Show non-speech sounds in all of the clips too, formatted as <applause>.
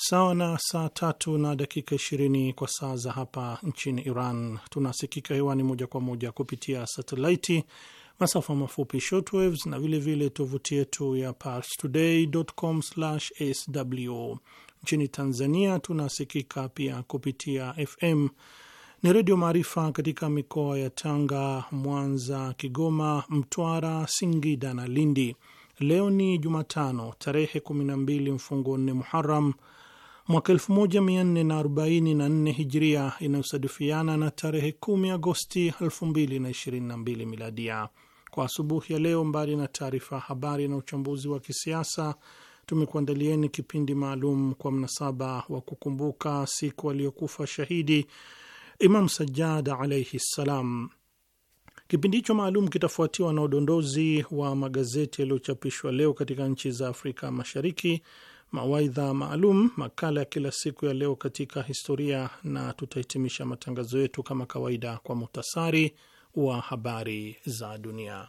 sawa na saa tatu na dakika ishirini kwa saa za hapa nchini Iran. Tunasikika hewani moja kwa moja kupitia satelaiti, masafa mafupi shortwaves na vilevile tovuti yetu ya parstoday.com/sw. Nchini Tanzania tunasikika pia kupitia FM ni Redio Maarifa katika mikoa ya Tanga, Mwanza, Kigoma, Mtwara, Singida na Lindi. Leo ni Jumatano tarehe 12 mfungo 4 Muharam mwaka 1444 hijria inayosadifiana na tarehe 10 Agosti 2022 miladia. Kwa asubuhi ya leo, mbali na taarifa ya habari na uchambuzi wa kisiasa, tumekuandalieni kipindi maalum kwa mnasaba wa kukumbuka siku aliyokufa shahidi Imam Sajjad alaihi ssalam. Kipindi hicho maalum kitafuatiwa na udondozi wa magazeti yaliyochapishwa leo katika nchi za Afrika Mashariki mawaidha maalum, makala ya kila siku ya leo katika historia, na tutahitimisha matangazo yetu kama kawaida kwa muhtasari wa habari za dunia.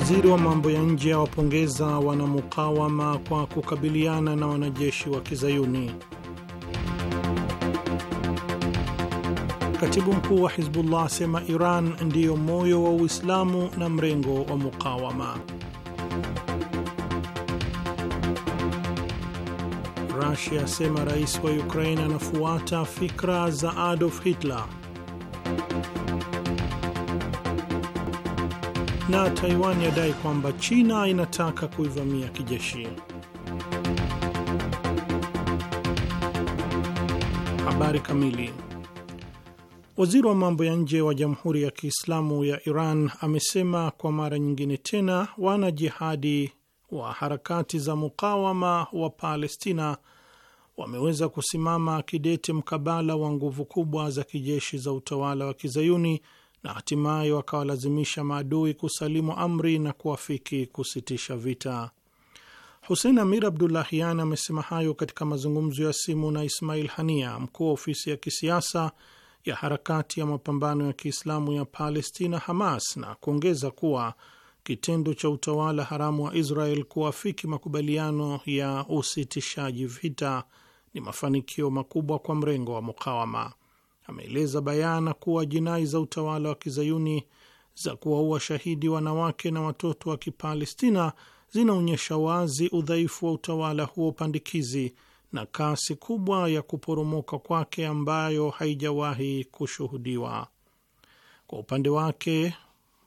Waziri wa mambo ya nje awapongeza wanamukawama kwa kukabiliana na wanajeshi wa Kizayuni. Katibu mkuu wa Hizbullah asema Iran ndiyo moyo wa Uislamu na mrengo wa mukawama. Rusia asema rais wa Ukraine anafuata fikra za Adolf Hitler. na Taiwan yadai kwamba China inataka kuivamia kijeshi. Habari kamili. Waziri wa mambo ya nje wa Jamhuri ya Kiislamu ya Iran amesema kwa mara nyingine tena wanajihadi wa harakati za mukawama wa Palestina wameweza kusimama kidete mkabala wa nguvu kubwa za kijeshi za utawala wa kizayuni na hatimaye wakawalazimisha maadui kusalimu amri na kuafiki kusitisha vita. Husein Amir Abdullahian amesema hayo katika mazungumzo ya simu na Ismail Hania, mkuu wa ofisi ya kisiasa ya harakati ya mapambano ya Kiislamu ya Palestina, Hamas, na kuongeza kuwa kitendo cha utawala haramu wa Israel kuafiki makubaliano ya usitishaji vita ni mafanikio makubwa kwa mrengo wa mukawama ameeleza bayana kuwa jinai za utawala wa kizayuni za kuwaua shahidi wanawake na watoto wa Kipalestina zinaonyesha wazi udhaifu wa utawala huo pandikizi na kasi kubwa ya kuporomoka kwake ambayo haijawahi kushuhudiwa. Kwa upande wake,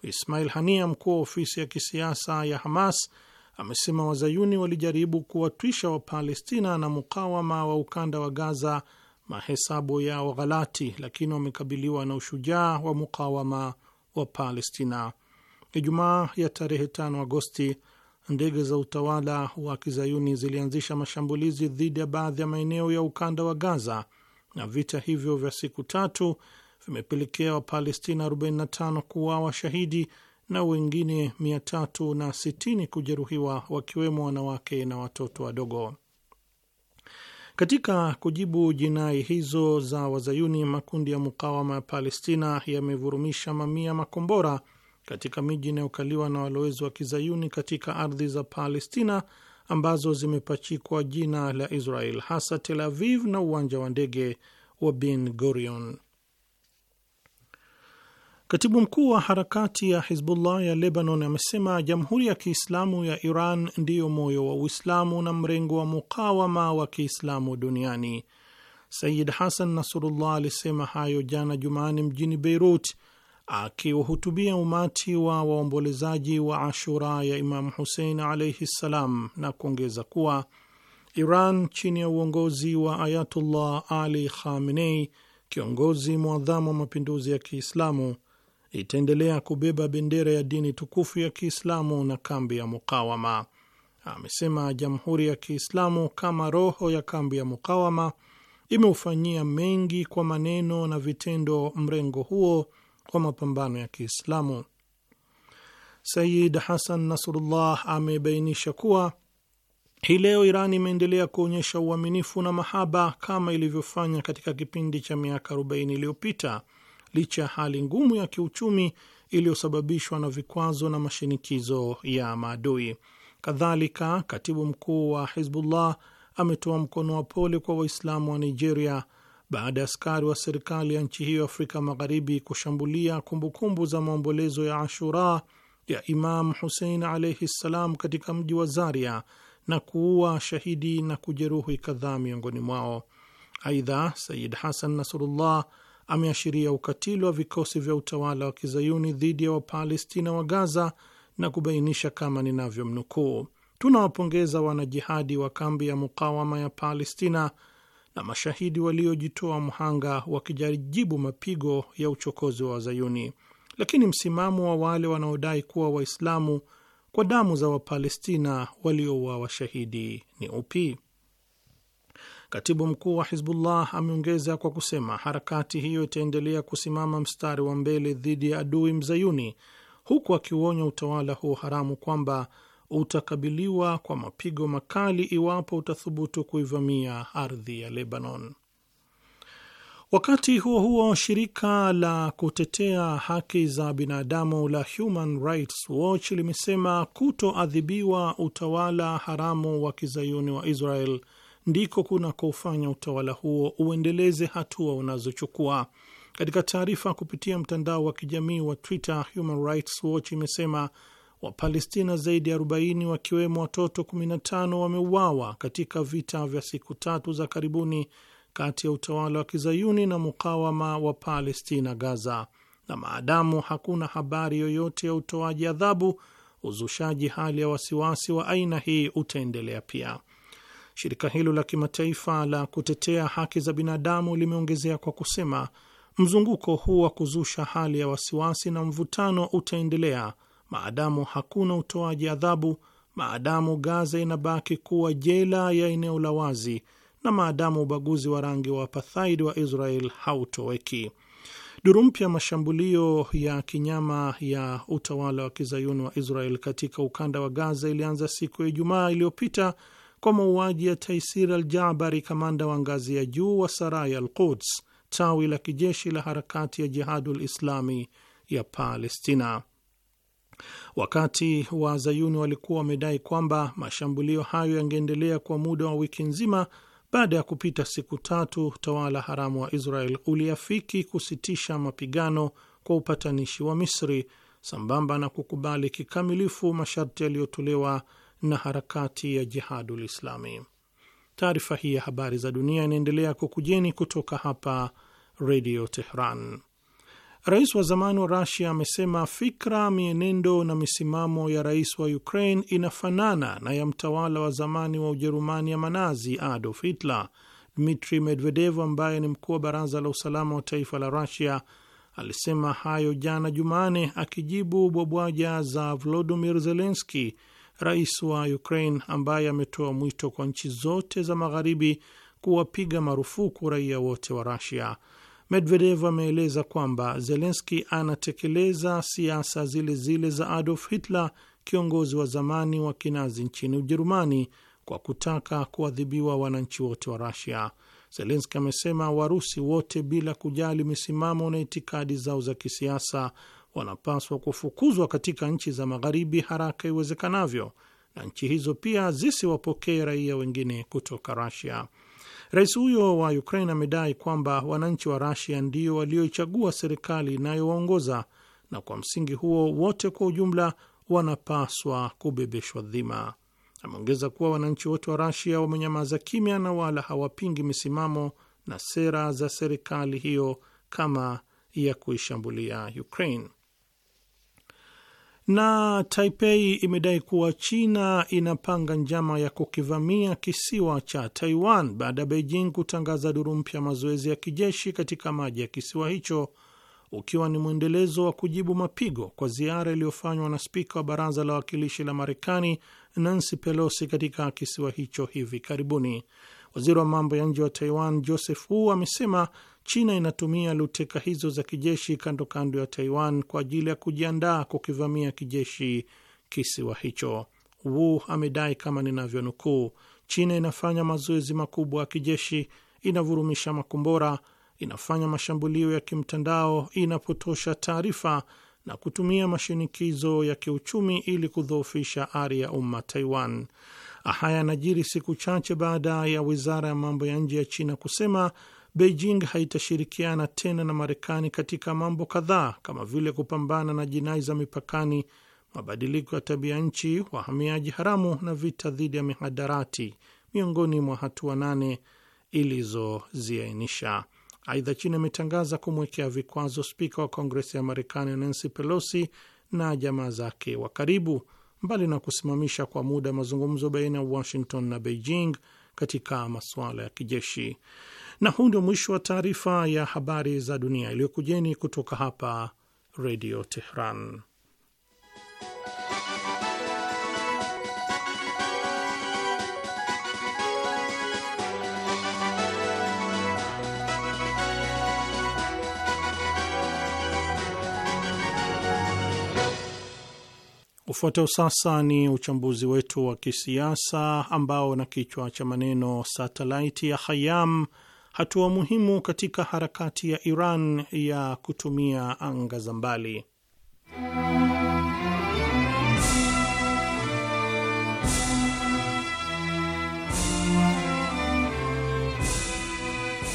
Ismail Hania, mkuu wa ofisi ya kisiasa ya Hamas, amesema wazayuni walijaribu kuwatwisha Wapalestina na mukawama wa ukanda wa Gaza mahesabu yao ghalati, lakini wamekabiliwa na ushujaa wa mukawama wa Palestina. Ijumaa ya tarehe 5 Agosti, ndege za utawala wa kizayuni zilianzisha mashambulizi dhidi ya baadhi ya maeneo ya ukanda wa Gaza, na vita hivyo vya siku tatu vimepelekea Wapalestina 45 kuwa washahidi na wengine 360 kujeruhiwa, wakiwemo wanawake na watoto wadogo. Katika kujibu jinai hizo za Wazayuni, makundi ya mukawama ya Palestina yamevurumisha mamia makombora katika miji inayokaliwa na walowezi wa Kizayuni katika ardhi za Palestina ambazo zimepachikwa jina la Israel, hasa Tel Aviv na uwanja wa ndege wa Ben Gurion. Katibu mkuu wa harakati ya Hizbullah ya Lebanon amesema jamhuri ya Kiislamu ya Iran ndiyo moyo wa Uislamu na mrengo wa mukawama wa Kiislamu duniani. Sayid Hasan Nasrullah alisema hayo jana Jumanne mjini Beirut akiwahutubia umati wa waombolezaji wa Ashura ya Imamu Husein alaihi ssalam, na kuongeza kuwa Iran chini ya uongozi wa Ayatullah Ali Khamenei, kiongozi mwadhamu wa mapinduzi ya Kiislamu itaendelea kubeba bendera ya dini tukufu ya Kiislamu na kambi ya mukawama. Amesema Jamhuri ya Kiislamu kama roho ya kambi ya mukawama imeufanyia mengi kwa maneno na vitendo mrengo huo wa mapambano ya Kiislamu. Sayid Hasan Nasrullah amebainisha kuwa hii leo Iran imeendelea kuonyesha uaminifu na mahaba kama ilivyofanya katika kipindi cha miaka 40 iliyopita licha ya hali ngumu ya kiuchumi iliyosababishwa na vikwazo na mashinikizo ya maadui. Kadhalika, katibu mkuu wa Hizbullah ametoa mkono wa pole kwa Waislamu wa Nigeria baada ya askari wa serikali ya nchi hiyo Afrika Magharibi kushambulia kumbukumbu -kumbu za maombolezo ya Ashura ya Imam Husein alaihi ssalam katika mji wa Zaria na kuua shahidi na kujeruhi kadhaa miongoni mwao. Aidha, Sayid Hasan Nasrullah ameashiria ukatili wa vikosi vya utawala wa kizayuni dhidi ya Wapalestina wa Gaza na kubainisha kama ninavyomnukuu, tunawapongeza wanajihadi wa kambi ya mukawama ya Palestina na mashahidi waliojitoa mhanga wakijaribu mapigo ya uchokozi wa Wazayuni, lakini msimamo wa wale wanaodai kuwa Waislamu kwa damu za Wapalestina waliouawa shahidi ni upi? Katibu mkuu wa Hizbullah ameongeza kwa kusema harakati hiyo itaendelea kusimama mstari wa mbele dhidi ya adui mzayuni, huku akiuonya utawala huo haramu kwamba utakabiliwa kwa mapigo makali iwapo utathubutu kuivamia ardhi ya Lebanon. Wakati huo huo, shirika la kutetea haki za binadamu la Human Rights Watch limesema kutoadhibiwa utawala haramu wa kizayuni wa Israel ndiko kunakofanya utawala huo uendeleze hatua unazochukua. Katika taarifa kupitia mtandao wa kijamii wa Twitter, Human Rights Watch imesema Wapalestina zaidi ya 40 wakiwemo watoto 15 wameuawa katika vita vya siku tatu za karibuni kati ya utawala wa kizayuni na mukawama wa Palestina Gaza, na maadamu hakuna habari yoyote ya utoaji adhabu, uzushaji hali ya wasiwasi wa aina hii utaendelea pia. Shirika hilo la kimataifa la kutetea haki za binadamu limeongezea kwa kusema mzunguko huu wa kuzusha hali ya wasiwasi na mvutano utaendelea maadamu hakuna utoaji adhabu, maadamu Gaza inabaki kuwa jela ya eneo la wazi na maadamu ubaguzi wa rangi wa apathaid wa Israel hautoweki. Duru mpya mashambulio ya kinyama ya utawala wa kizayuni wa Israel katika ukanda wa Gaza ilianza siku ya Ijumaa iliyopita kwa mauaji ya Taisir al Jabari, kamanda wa ngazi ya juu wa Saraya al Quds, tawi la kijeshi la harakati ya Jihadul Islami ya Palestina. Wakati wa zayuni walikuwa wamedai kwamba mashambulio hayo yangeendelea kwa muda wa wiki nzima, baada ya kupita siku tatu, utawala haramu wa Israel uliafiki kusitisha mapigano kwa upatanishi wa Misri, sambamba na kukubali kikamilifu masharti yaliyotolewa na harakati ya Jihadul Islami. Taarifa hii ya habari za dunia inaendelea kukujeni kutoka hapa Redio Tehran. Rais wa zamani wa Rusia amesema fikra, mienendo na misimamo ya rais wa Ukraine inafanana na ya mtawala wa zamani wa Ujerumani ya manazi Adolf Hitler. Dmitri Medvedev ambaye ni mkuu wa baraza la usalama wa taifa la Rusia alisema hayo jana Jumane akijibu bwabwaja za Volodimir Zelenski rais wa Ukraine ambaye ametoa mwito kwa nchi zote za magharibi kuwapiga marufuku raia wote wa Rusia. Medvedev ameeleza kwamba Zelenski anatekeleza siasa zile zile za Adolf Hitler, kiongozi wa zamani wa kinazi nchini Ujerumani, kwa kutaka kuadhibiwa wananchi wote wa Rusia. Zelenski amesema Warusi wote bila kujali misimamo na itikadi zao za kisiasa wanapaswa kufukuzwa katika nchi za magharibi haraka iwezekanavyo, na nchi hizo pia zisiwapokee raia wengine kutoka Rasia. Rais huyo wa Ukraine amedai kwamba wananchi wa Rasia ndio walioichagua serikali inayowaongoza na kwa msingi huo wote kwa ujumla wanapaswa kubebeshwa dhima. Ameongeza kuwa wananchi wote wa Rasia wamenyamaza kimya na wala hawapingi misimamo na sera za serikali hiyo kama ya kuishambulia Ukraine na Taipei imedai kuwa China inapanga njama ya kukivamia kisiwa cha Taiwan baada ya Beijing kutangaza duru mpya mazoezi ya kijeshi katika maji ya kisiwa hicho, ukiwa ni mwendelezo wa kujibu mapigo kwa ziara iliyofanywa na spika wa baraza la wawakilishi la Marekani Nancy Pelosi katika kisiwa hicho hivi karibuni. Waziri wa mambo ya nje wa Taiwan Joseph Wu amesema China inatumia luteka hizo za kijeshi kando kando ya Taiwan kwa ajili ya kujiandaa kukivamia kijeshi kisiwa hicho. Wu amedai kama ninavyonukuu, China inafanya mazoezi makubwa ya kijeshi, inavurumisha makombora, inafanya mashambulio ya kimtandao, inapotosha taarifa na kutumia mashinikizo ya kiuchumi ili kudhoofisha ari ya umma Taiwan. Haya yanajiri siku chache baada ya wizara ya mambo ya nje ya China kusema Beijing haitashirikiana tena na Marekani katika mambo kadhaa kama vile kupambana na jinai za mipakani, mabadiliko ya tabia nchi, wahamiaji haramu na vita dhidi ya mihadarati, miongoni mwa hatua nane ilizoziainisha. Aidha, China imetangaza kumwekea vikwazo spika wa Kongresi ya Marekani Nancy Pelosi na jamaa zake wa karibu, mbali na kusimamisha kwa muda mazungumzo baina ya Washington na Beijing katika masuala ya kijeshi. Na huu ndio mwisho wa taarifa ya habari za dunia iliyokujeni kutoka hapa Redio Tehran. Ufuatao sasa ni uchambuzi wetu wa kisiasa ambao na kichwa cha maneno satelaiti ya Hayam hatua muhimu katika harakati ya Iran ya kutumia anga za mbali.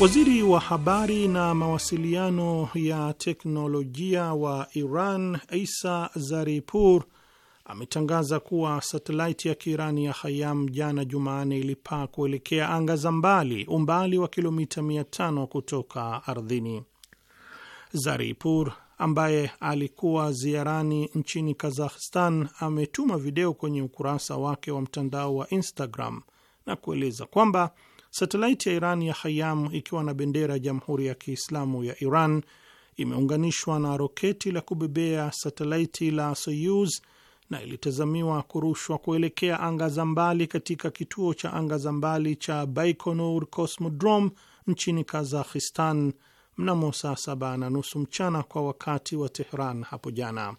Waziri wa habari na mawasiliano ya teknolojia wa Iran Isa Zaripur ametangaza kuwa satelaiti ya Kiirani ya Hayam jana Jumanne ilipaa kuelekea anga za mbali, umbali wa kilomita 500 kutoka ardhini. Zaripur ambaye alikuwa ziarani nchini Kazakhstan ametuma video kwenye ukurasa wake wa mtandao wa Instagram na kueleza kwamba satelaiti ya Iran ya Hayam ikiwa na bendera ya Jamhuri ya Kiislamu ya Iran imeunganishwa na roketi la kubebea satelaiti la Soyuz na ilitazamiwa kurushwa kuelekea anga za mbali katika kituo cha anga za mbali cha Baikonur Cosmodrome nchini kazakhistan mnamo saa saba na nusu mchana kwa wakati wa Tehran hapo jana.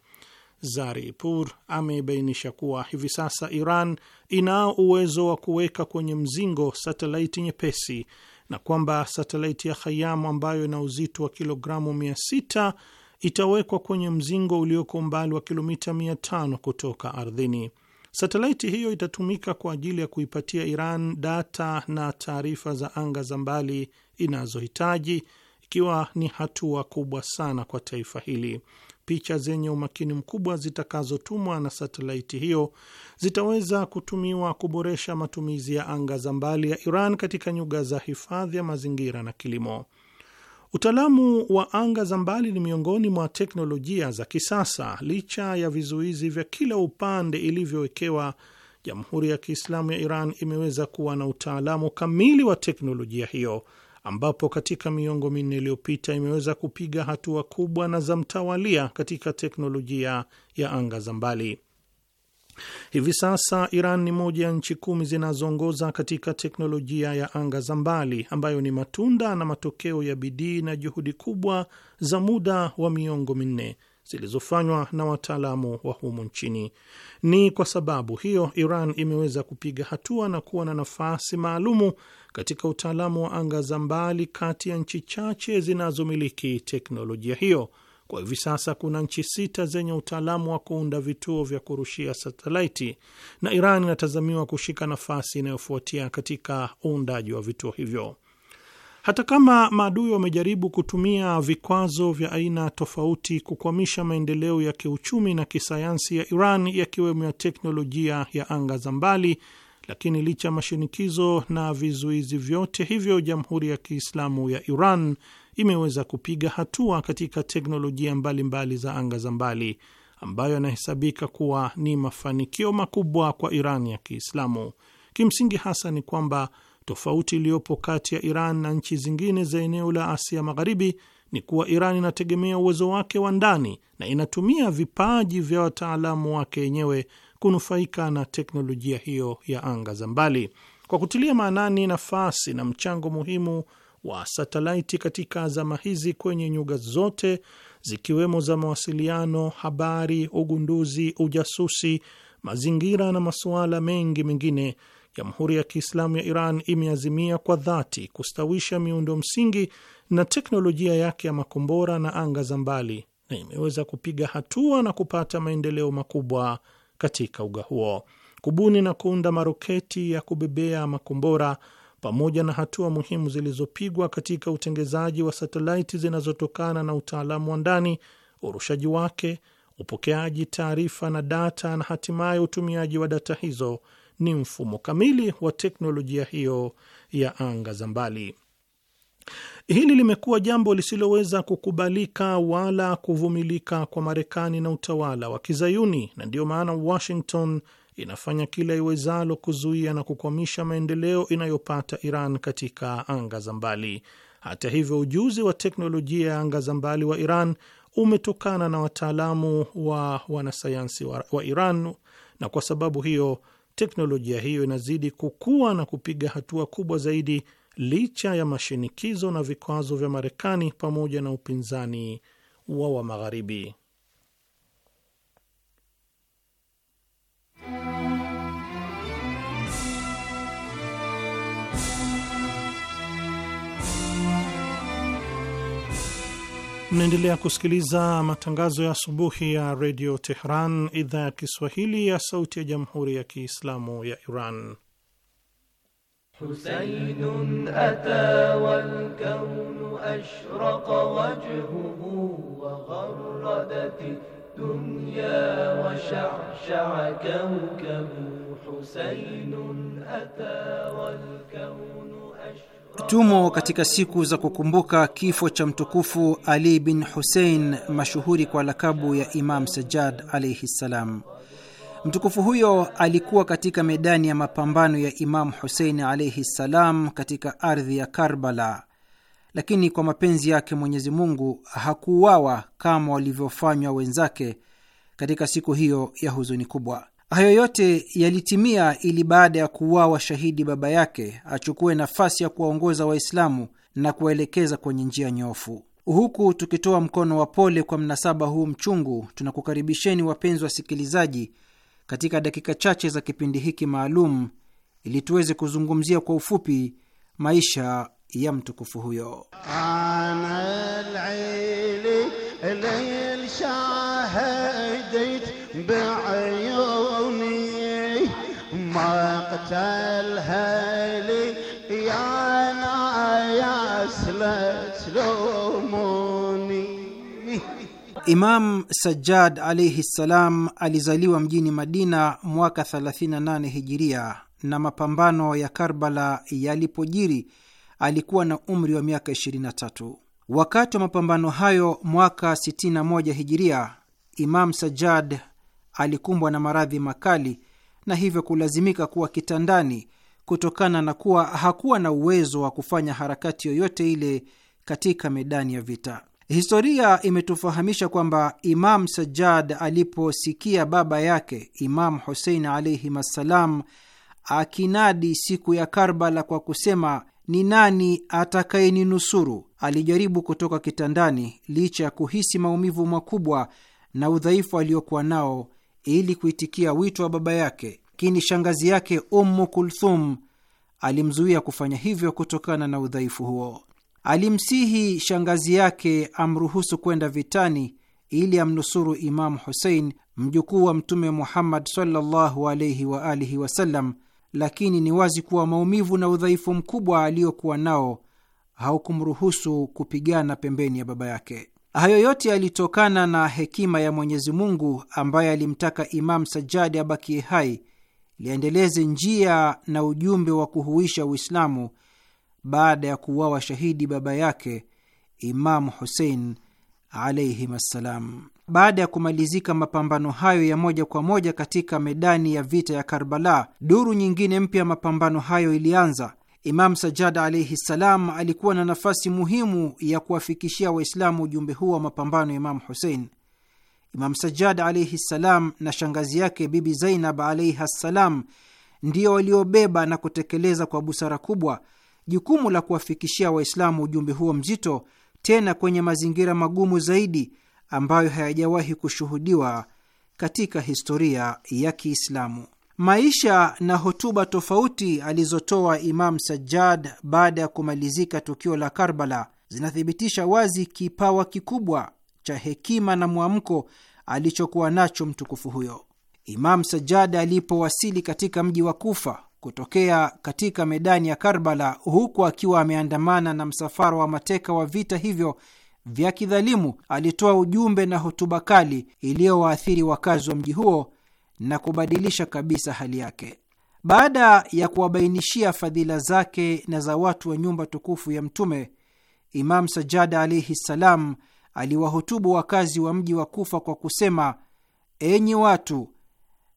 Zaripur amebainisha kuwa hivi sasa Iran inao uwezo wa kuweka kwenye mzingo satelaiti nyepesi na kwamba satelaiti ya Khayamu ambayo ina uzito wa kilogramu 600 itawekwa kwenye mzingo ulioko umbali wa kilomita 500 kutoka ardhini. Satelaiti hiyo itatumika kwa ajili ya kuipatia Iran data na taarifa za anga za mbali inazohitaji, ikiwa ni hatua kubwa sana kwa taifa hili. Picha zenye umakini mkubwa zitakazotumwa na satelaiti hiyo zitaweza kutumiwa kuboresha matumizi ya anga za mbali ya Iran katika nyuga za hifadhi ya mazingira na kilimo. Utaalamu wa anga za mbali ni miongoni mwa teknolojia za kisasa, licha ya vizuizi vya kila upande ilivyowekewa. Jamhuri ya Kiislamu ya Iran imeweza kuwa na utaalamu kamili wa teknolojia hiyo, ambapo katika miongo minne iliyopita imeweza kupiga hatua kubwa na za mtawalia katika teknolojia ya anga za mbali. Hivi sasa Iran ni moja ya nchi kumi zinazoongoza katika teknolojia ya anga za mbali ambayo ni matunda na matokeo ya bidii na juhudi kubwa za muda wa miongo minne zilizofanywa na wataalamu wa humu nchini. Ni kwa sababu hiyo Iran imeweza kupiga hatua na kuwa na nafasi maalumu katika utaalamu wa anga za mbali kati ya nchi chache zinazomiliki teknolojia hiyo. Kwa hivi sasa kuna nchi sita zenye utaalamu wa kuunda vituo vya kurushia satelaiti na Iran inatazamiwa kushika nafasi inayofuatia katika uundaji wa vituo hivyo. Hata kama maadui wamejaribu kutumia vikwazo vya aina tofauti kukwamisha maendeleo ya kiuchumi na kisayansi ya Iran, yakiwemo ya teknolojia ya anga za mbali lakini licha ya mashinikizo na vizuizi vyote hivyo, Jamhuri ya Kiislamu ya Iran imeweza kupiga hatua katika teknolojia mbalimbali mbali za anga za mbali ambayo yanahesabika kuwa ni mafanikio makubwa kwa Iran ya Kiislamu. Kimsingi hasa ni kwamba tofauti iliyopo kati ya Iran na nchi zingine za eneo la Asia Magharibi ni kuwa Iran inategemea uwezo wake wa ndani na inatumia vipaji vya wataalamu wake wenyewe kunufaika na teknolojia hiyo ya anga za mbali. Kwa kutilia maanani nafasi na mchango muhimu wa satelaiti katika zama hizi kwenye nyuga zote zikiwemo za mawasiliano, habari, ugunduzi, ujasusi, mazingira na masuala mengi mengine, Jamhuri ya Kiislamu ya Iran imeazimia kwa dhati kustawisha miundo msingi na teknolojia yake ya makombora na anga za mbali na imeweza kupiga hatua na kupata maendeleo makubwa katika uga huo. Kubuni na kuunda maroketi ya kubebea makombora pamoja na hatua muhimu zilizopigwa katika utengezaji wa satelaiti zinazotokana na utaalamu wa ndani, urushaji wake, upokeaji taarifa na data, na hatimaye utumiaji wa data hizo ni mfumo kamili wa teknolojia hiyo ya anga za mbali. Hili limekuwa jambo lisiloweza kukubalika wala kuvumilika kwa Marekani na utawala wa Kizayuni, na ndiyo maana Washington inafanya kila iwezalo kuzuia na kukwamisha maendeleo inayopata Iran katika anga za mbali. Hata hivyo, ujuzi wa teknolojia ya anga za mbali wa Iran umetokana na wataalamu wa wanasayansi wa, wa Iran, na kwa sababu hiyo teknolojia hiyo inazidi kukua na kupiga hatua kubwa zaidi licha ya mashinikizo na vikwazo vya Marekani pamoja na upinzani wa wa Magharibi. Mnaendelea kusikiliza matangazo ya asubuhi ya redio Tehran, idhaa ya Kiswahili ya sauti ya jamhuri ya kiislamu ya Iran. حسين أتى والكون أشرق وجهه وغردت الدنيا وشعشع كوكب حسين أتى والكون أشرق Tumo katika siku za kukumbuka kifo cha mtukufu Ali bin Hussein mashuhuri kwa lakabu ya Imam Sajjad alaihi ssalam. Mtukufu huyo alikuwa katika medani ya mapambano ya Imamu Husein alaihi ssalam katika ardhi ya Karbala, lakini kwa mapenzi yake Mwenyezi Mungu hakuuawa kama walivyofanywa wenzake katika siku hiyo ya huzuni kubwa. Hayo yote yalitimia ili baada ya kuuawa shahidi baba yake achukue nafasi ya kuwaongoza Waislamu na kuwaelekeza kwenye njia nyoofu. Huku tukitoa mkono wa pole kwa mnasaba huu mchungu, tunakukaribisheni wapenzi wasikilizaji katika dakika chache za kipindi hiki maalum ili tuweze kuzungumzia kwa ufupi maisha ya mtukufu huyo. Imam Sajjad alaihi ssalam alizaliwa mjini Madina mwaka 38 hijiria, na mapambano ya Karbala yalipojiri alikuwa na umri wa miaka 23. Wakati wa mapambano hayo mwaka 61 hijiria, Imam Sajjad alikumbwa na maradhi makali na hivyo kulazimika kuwa kitandani kutokana na kuwa hakuwa na uwezo wa kufanya harakati yoyote ile katika medani ya vita. Historia imetufahamisha kwamba Imam Sajjad aliposikia baba yake Imam Husein alaihim assalam akinadi siku ya Karbala kwa kusema ni nani atakayeninusuru, alijaribu kutoka kitandani licha ya kuhisi maumivu makubwa na udhaifu aliokuwa nao ili kuitikia wito wa baba yake, lakini shangazi yake Ummu Kulthum alimzuia kufanya hivyo kutokana na udhaifu huo. Alimsihi shangazi yake amruhusu kwenda vitani ili amnusuru Imamu Husein, mjukuu wa Mtume Muhammad sallallahu alaihi wa alihi wasallam, lakini ni wazi kuwa maumivu na udhaifu mkubwa aliyokuwa nao haukumruhusu kupigana pembeni ya baba yake. Hayo yote yalitokana na hekima ya Mwenyezi Mungu ambaye alimtaka Imamu Sajadi abakie hai liendeleze njia na ujumbe wa kuhuisha Uislamu baada ya kuuawa shahidi baba yake Imamu Husein alaihim assalam. Baada ya kumalizika mapambano hayo ya moja kwa moja katika medani ya vita ya Karbala, duru nyingine mpya ya mapambano hayo ilianza. Imam Sajjad alaihi ssalam alikuwa na nafasi muhimu ya kuwafikishia Waislamu ujumbe huo wa mapambano ya Imamu Husein. Imam Sajjad alaihi ssalam na shangazi yake Bibi Zainab alaihi ssalam ndio waliobeba na kutekeleza kwa busara kubwa jukumu la kuwafikishia Waislamu ujumbe huo mzito, tena kwenye mazingira magumu zaidi ambayo hayajawahi kushuhudiwa katika historia ya Kiislamu. Maisha na hotuba tofauti alizotoa Imam Sajjad baada ya kumalizika tukio la Karbala zinathibitisha wazi kipawa kikubwa cha hekima na mwamko alichokuwa nacho mtukufu huyo. Imam Sajjad alipowasili katika mji wa Kufa kutokea katika medani ya Karbala, huku akiwa ameandamana na msafara wa mateka wa vita hivyo vya kidhalimu, alitoa ujumbe na hotuba kali iliyowaathiri wakazi wa mji huo na kubadilisha kabisa hali yake. Baada ya kuwabainishia fadhila zake na za watu wa nyumba tukufu ya Mtume, Imam sajada alaihi ssalam aliwahutubu wakazi wa mji wa Kufa kwa kusema: enyi watu,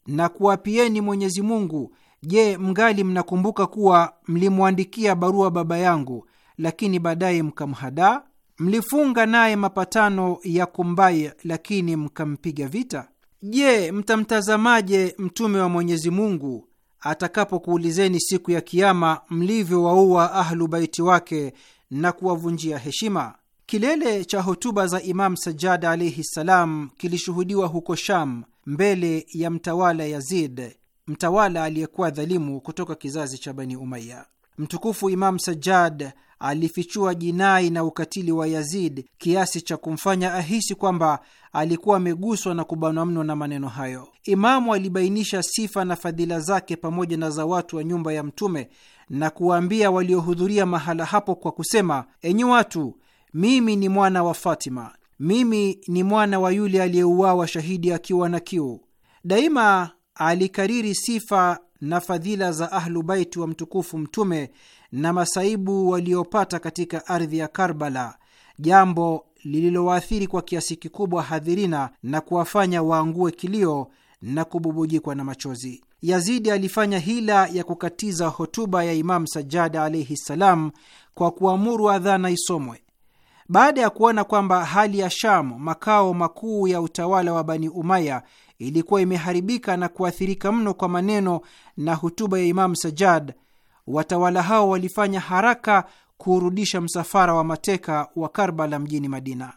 na kuwapieni Mwenyezi Mungu Je, mngali mnakumbuka kuwa mlimwandikia barua baba yangu, lakini baadaye mkamhadaa? Mlifunga naye mapatano ya kumbai, lakini mkampiga vita. Je, mtamtazamaje mtume wa Mwenyezi Mungu atakapokuulizeni siku ya Kiama mlivyowaua ahlu baiti wake na kuwavunjia heshima? Kilele cha hotuba za imamu Sajjad alaihi ssalam kilishuhudiwa huko Sham mbele ya mtawala Yazid mtawala aliyekuwa dhalimu kutoka kizazi cha Bani Umaya. Mtukufu Imam Sajjad alifichua jinai na ukatili wa Yazid kiasi cha kumfanya ahisi kwamba alikuwa ameguswa na kubanwa mno na maneno hayo. Imamu alibainisha sifa na fadhila zake pamoja na za watu wa nyumba ya Mtume na kuwaambia waliohudhuria mahala hapo kwa kusema: enyi watu, mimi ni mwana wa Fatima, mimi ni mwana wa yule aliyeuawa shahidi akiwa na kiu. Daima alikariri sifa na fadhila za Ahlubaiti wa mtukufu Mtume na masaibu waliopata katika ardhi ya Karbala, jambo lililowaathiri kwa kiasi kikubwa hadhirina na kuwafanya waangue kilio na kububujikwa na machozi. Yazidi alifanya hila ya kukatiza hotuba ya Imamu Sajjad alaihi ssalam kwa kuamuru adhana isomwe. Baada ya kuona kwamba hali ya Sham, makao makuu ya utawala wa Bani Umaya, ilikuwa imeharibika na kuathirika mno kwa maneno na hutuba ya Imamu Sajjad, watawala hao walifanya haraka kuurudisha msafara wa mateka wa Karbala mjini Madina.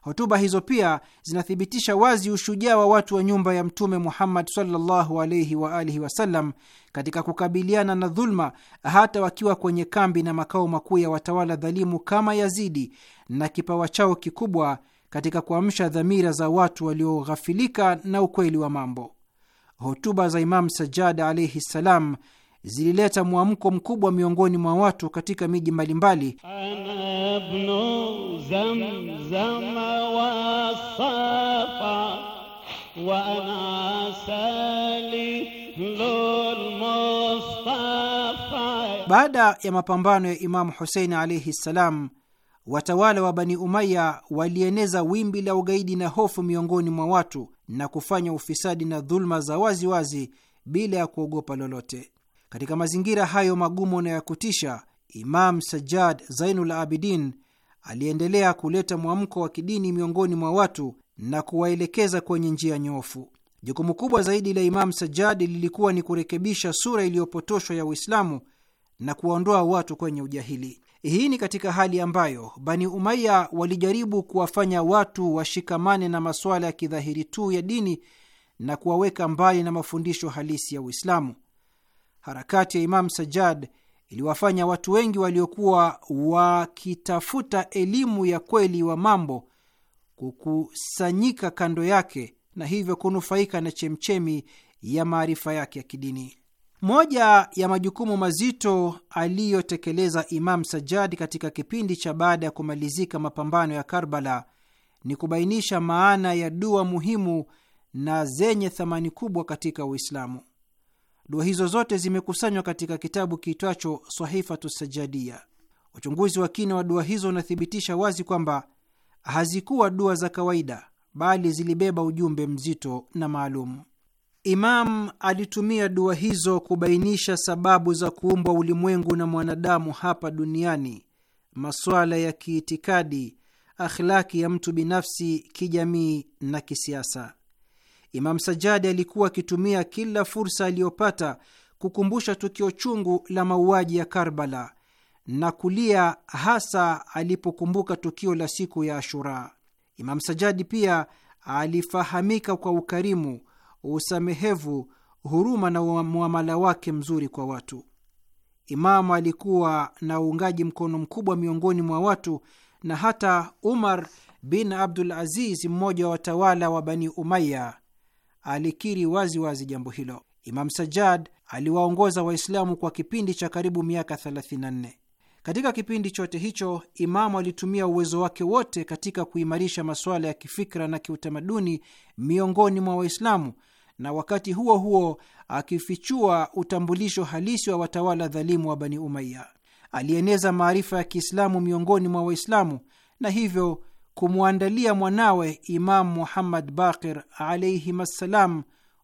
Hotuba hizo pia zinathibitisha wazi ushujaa wa watu wa nyumba ya Mtume Muhammad sallallahu alaihi wa alihi wasallam katika kukabiliana na dhulma hata wakiwa kwenye kambi na makao makuu ya watawala dhalimu kama Yazidi, na kipawa chao kikubwa katika kuamsha dhamira za watu walioghafilika na ukweli wa mambo. Hotuba za Imamu Sajjad alaihi ssalam zilileta mwamko mkubwa miongoni mwa watu katika miji mbalimbali, baada ya mapambano ya Imamu Husein alaihi ssalam watawala wa Bani Umaya walieneza wimbi la ugaidi na hofu miongoni mwa watu na kufanya ufisadi na dhuluma za waziwazi wazi bila ya kuogopa lolote. Katika mazingira hayo magumu na ya kutisha, Imam Sajjad Zainul Abidin aliendelea kuleta mwamko wa kidini miongoni mwa watu na kuwaelekeza kwenye njia nyoofu. Jukumu kubwa zaidi la Imam Sajjad lilikuwa ni kurekebisha sura iliyopotoshwa ya Uislamu na kuwaondoa watu kwenye ujahili. Hii ni katika hali ambayo Bani Umaya walijaribu kuwafanya watu washikamane na masuala ya kidhahiri tu ya dini na kuwaweka mbali na mafundisho halisi ya Uislamu. Harakati ya Imamu Sajjad iliwafanya watu wengi waliokuwa wakitafuta elimu ya kweli wa mambo kukusanyika kando yake na hivyo kunufaika na chemchemi ya maarifa yake ya kidini. Moja ya majukumu mazito aliyotekeleza Imam Sajjad katika kipindi cha baada ya kumalizika mapambano ya Karbala ni kubainisha maana ya dua muhimu na zenye thamani kubwa katika Uislamu. Dua hizo zote zimekusanywa katika kitabu kiitwacho Sahifatu Sajadia. Uchunguzi wa kina wa dua hizo unathibitisha wazi kwamba hazikuwa dua za kawaida, bali zilibeba ujumbe mzito na maalum. Imam alitumia dua hizo kubainisha sababu za kuumbwa ulimwengu na mwanadamu hapa duniani, masuala ya kiitikadi, akhlaki ya mtu binafsi, kijamii na kisiasa. Imam Sajadi alikuwa akitumia kila fursa aliyopata kukumbusha tukio chungu la mauaji ya Karbala na kulia hasa alipokumbuka tukio la siku ya Ashura. Imam Sajadi pia alifahamika kwa ukarimu usamehevu, huruma na muamala wake mzuri kwa watu. Imamu alikuwa na uungaji mkono mkubwa miongoni mwa watu, na hata Umar bin Abdul Aziz, mmoja wa watawala wa Bani Umaya, alikiri waziwazi wazi jambo hilo. Imam Sajjad aliwaongoza Waislamu kwa kipindi cha karibu miaka 34. Katika kipindi chote hicho, imamu alitumia uwezo wake wote katika kuimarisha masuala ya kifikra na kiutamaduni miongoni mwa Waislamu na wakati huo huo akifichua utambulisho halisi wa watawala dhalimu wa Bani Umaya. Alieneza maarifa ya Kiislamu miongoni mwa Waislamu na hivyo kumwandalia mwanawe Imamu Muhammad Bakir alaihim assalam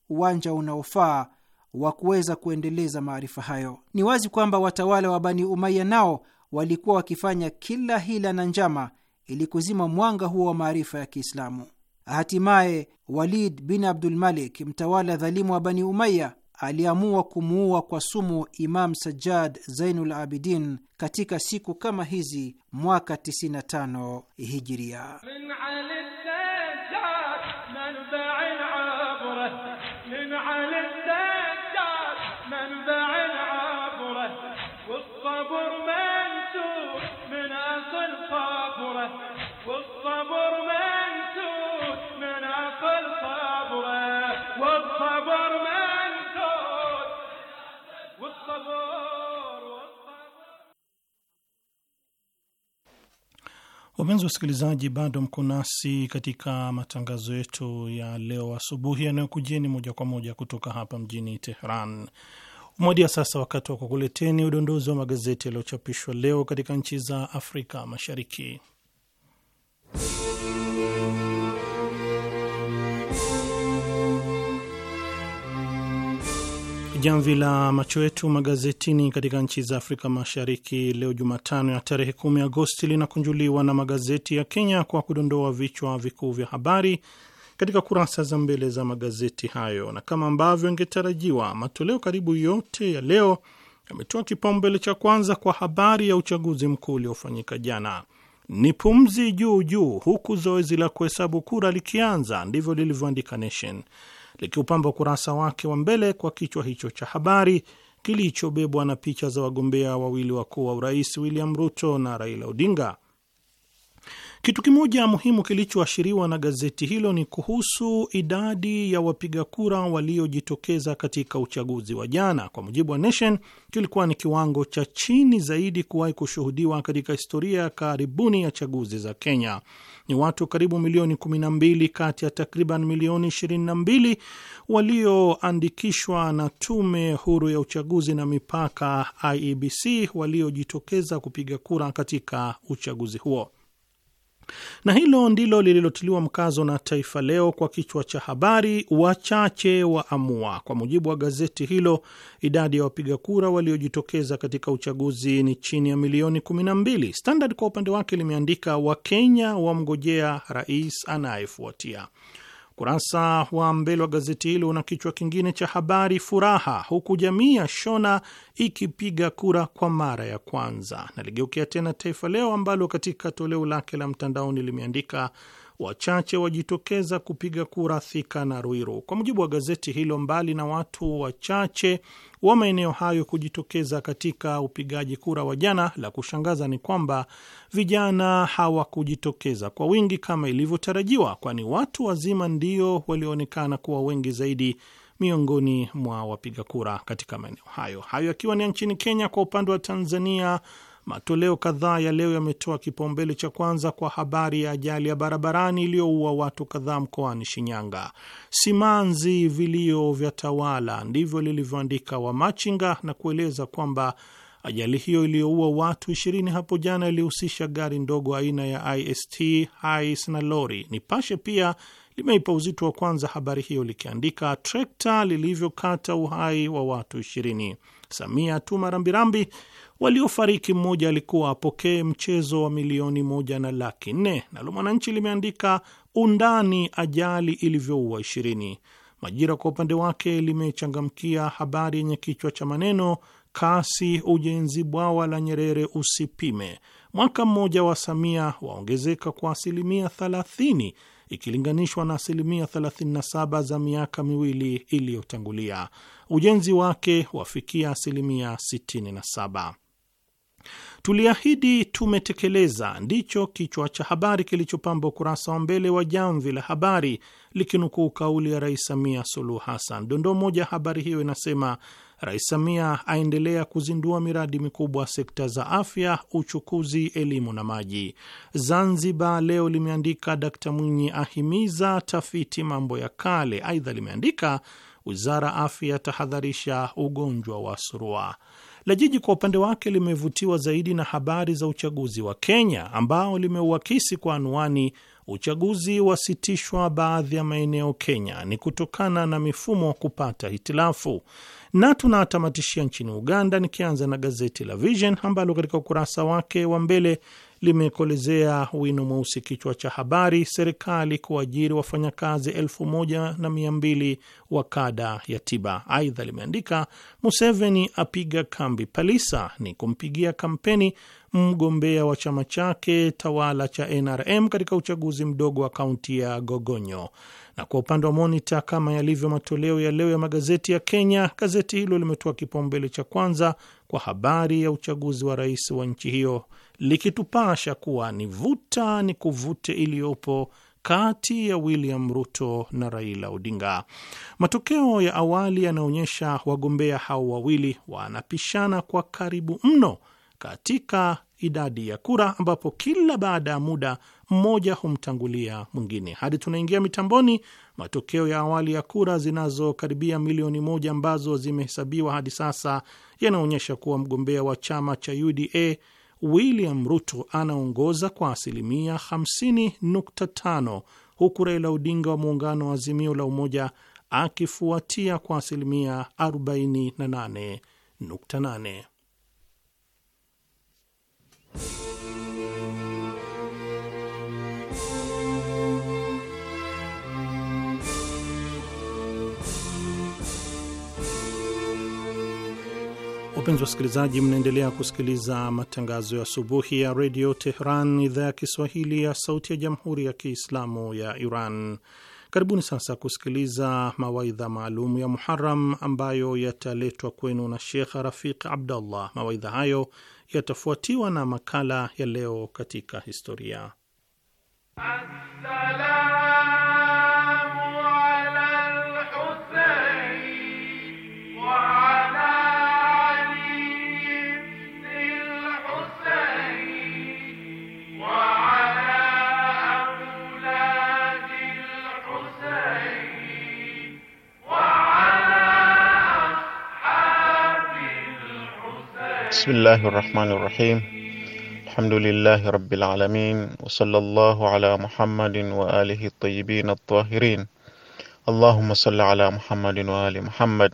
uwanja unaofaa wa kuweza kuendeleza maarifa hayo. Ni wazi kwamba watawala wa Bani Umaya nao walikuwa wakifanya kila hila na njama ili kuzima mwanga huo wa maarifa ya Kiislamu. Hatimaye Walid bin Abdulmalik, mtawala dhalimu wa Bani Umaya, aliamua kumuua kwa sumu Imam Sajjad Zainul Abidin katika siku kama hizi mwaka 95 Hijiria. Wapenzi wasikilizaji, bado mko nasi katika matangazo yetu ya leo asubuhi yanayokujieni moja kwa moja kutoka hapa mjini Teheran. Umewadia sasa wakati wa kukuleteni udondozi wa magazeti yaliyochapishwa leo katika nchi za Afrika Mashariki. Jamvi la macho yetu magazetini katika nchi za Afrika Mashariki leo Jumatano ya tarehe 10 Agosti linakunjuliwa na magazeti ya Kenya kwa kudondoa vichwa vikuu vya habari katika kurasa za mbele za magazeti hayo, na kama ambavyo ingetarajiwa, matoleo karibu yote ya leo yametoa kipaumbele cha kwanza kwa habari ya uchaguzi mkuu uliofanyika jana. Ni pumzi juu juu, huku zoezi la kuhesabu kura likianza, ndivyo lilivyoandika Nation likiupamba ukurasa wake wa mbele kwa kichwa hicho cha habari kilichobebwa na picha za wagombea wawili wakuu wa urais William Ruto na Raila Odinga. Kitu kimoja muhimu kilichoashiriwa na gazeti hilo ni kuhusu idadi ya wapiga kura waliojitokeza katika uchaguzi wa jana. Kwa mujibu wa Nation, kilikuwa ni kiwango cha chini zaidi kuwahi kushuhudiwa katika historia ya karibuni ya chaguzi za Kenya. Ni watu karibu milioni 12 kati ya takriban milioni 22 walioandikishwa na Tume Huru ya Uchaguzi na Mipaka, IEBC, waliojitokeza kupiga kura katika uchaguzi huo. Na hilo ndilo lililotiliwa mkazo na Taifa Leo kwa kichwa cha habari, wachache wa amua. Kwa mujibu wa gazeti hilo, idadi ya wapiga kura waliojitokeza katika uchaguzi ni chini ya milioni 12. Standard kwa upande wake limeandika, Wakenya wamgojea rais anayefuatia ukurasa wa mbele wa gazeti hilo na kichwa kingine cha habari furaha, huku jamii ya Shona ikipiga kura kwa mara ya kwanza. Naligeukia tena Taifa Leo ambalo katika toleo lake la mtandaoni limeandika wachache wajitokeza kupiga kura Thika na Ruiru. Kwa mujibu wa gazeti hilo, mbali na watu wachache wa maeneo hayo kujitokeza katika upigaji kura wa jana, la kushangaza ni kwamba vijana hawakujitokeza kwa wingi kama ilivyotarajiwa, kwani watu wazima ndio walioonekana kuwa wengi zaidi miongoni mwa wapiga kura katika maeneo hayo hayo. Akiwa ni nchini Kenya, kwa upande wa Tanzania, Matoleo kadhaa ya leo yametoa kipaumbele cha kwanza kwa habari ya ajali ya barabarani iliyoua watu kadhaa mkoani Shinyanga. Simanzi vilio vya tawala, ndivyo lilivyoandika Wamachinga na kueleza kwamba Ajali hiyo iliyoua watu 20 hapo jana ilihusisha gari ndogo aina ya ist hais na lori. Nipashe pia limeipa uzito wa kwanza habari hiyo likiandika trekta lilivyokata uhai wa watu 20. Samia tuma rambirambi waliofariki, mmoja alikuwa apokee mchezo wa milioni moja na laki nne. Nalo Mwananchi limeandika undani ajali ilivyoua 20. Majira kwa upande wake limechangamkia habari yenye kichwa cha maneno kasi ujenzi bwawa la Nyerere usipime, mwaka mmoja wa Samia waongezeka kwa asilimia 30 ikilinganishwa na asilimia 37 za miaka miwili iliyotangulia. Ujenzi wake wafikia asilimia 67. Tuliahidi tumetekeleza, ndicho kichwa cha habari kilichopamba ukurasa wa mbele wa Jamvi la Habari likinukuu kauli ya Rais Samia Suluhu Hassan. Dondoo moja habari hiyo inasema Rais Samia aendelea kuzindua miradi mikubwa sekta za afya, uchukuzi, elimu na maji. Zanzibar Leo limeandika Dkt Mwinyi ahimiza tafiti mambo ya kale. Aidha limeandika wizara afya tahadharisha ugonjwa wa surua. La Jiji kwa upande wake limevutiwa zaidi na habari za uchaguzi wa Kenya ambao limeuakisi kwa anwani uchaguzi wasitishwa baadhi ya maeneo Kenya ni kutokana na mifumo kupata hitilafu. Na tunatamatishia nchini Uganda, nikianza na gazeti la Vision ambalo katika ukurasa wake wa mbele limekolezea wino mweusi kichwa cha habari, serikali kuajiri wafanyakazi elfu moja na mia mbili wa kada ya tiba. Aidha limeandika Museveni apiga kambi Palisa, ni kumpigia kampeni mgombea wa chama chake tawala cha NRM katika uchaguzi mdogo wa kaunti ya Gogonyo. Na kwa upande wa Monita, kama yalivyo matoleo ya leo ya magazeti ya Kenya, gazeti hilo limetoa kipaumbele cha kwanza kwa habari ya uchaguzi wa rais wa nchi hiyo, likitupasha kuwa ni vuta ni kuvute iliyopo kati ya William Ruto na Raila Odinga. Matokeo ya awali yanaonyesha wagombea hao wawili wanapishana kwa karibu mno katika idadi ya kura, ambapo kila baada ya muda mmoja humtangulia mwingine hadi tunaingia mitamboni. Matokeo ya awali ya kura zinazokaribia milioni moja ambazo zimehesabiwa hadi sasa yanaonyesha kuwa mgombea wa chama cha UDA William Ruto anaongoza kwa asilimia 50.5 huku Raila Odinga wa muungano wa Azimio la Umoja akifuatia kwa asilimia 48.8. Wapenzi wasikilizaji, mnaendelea kusikiliza matangazo ya asubuhi ya redio Tehran, idhaa ya Kiswahili ya sauti ya jamhuri ya Kiislamu ya Iran. Karibuni sasa kusikiliza mawaidha maalum ya Muharam ambayo yataletwa kwenu na Shekh Rafiq Abdallah. Mawaidha hayo yatafuatiwa na makala ya leo katika historia Asala. بسم الله الرحمن الرحيم الحمد لله رب العالمين وصلى الله على محمد وآله الطيبين الطاهرين اللهم صل على محمد وآل محمد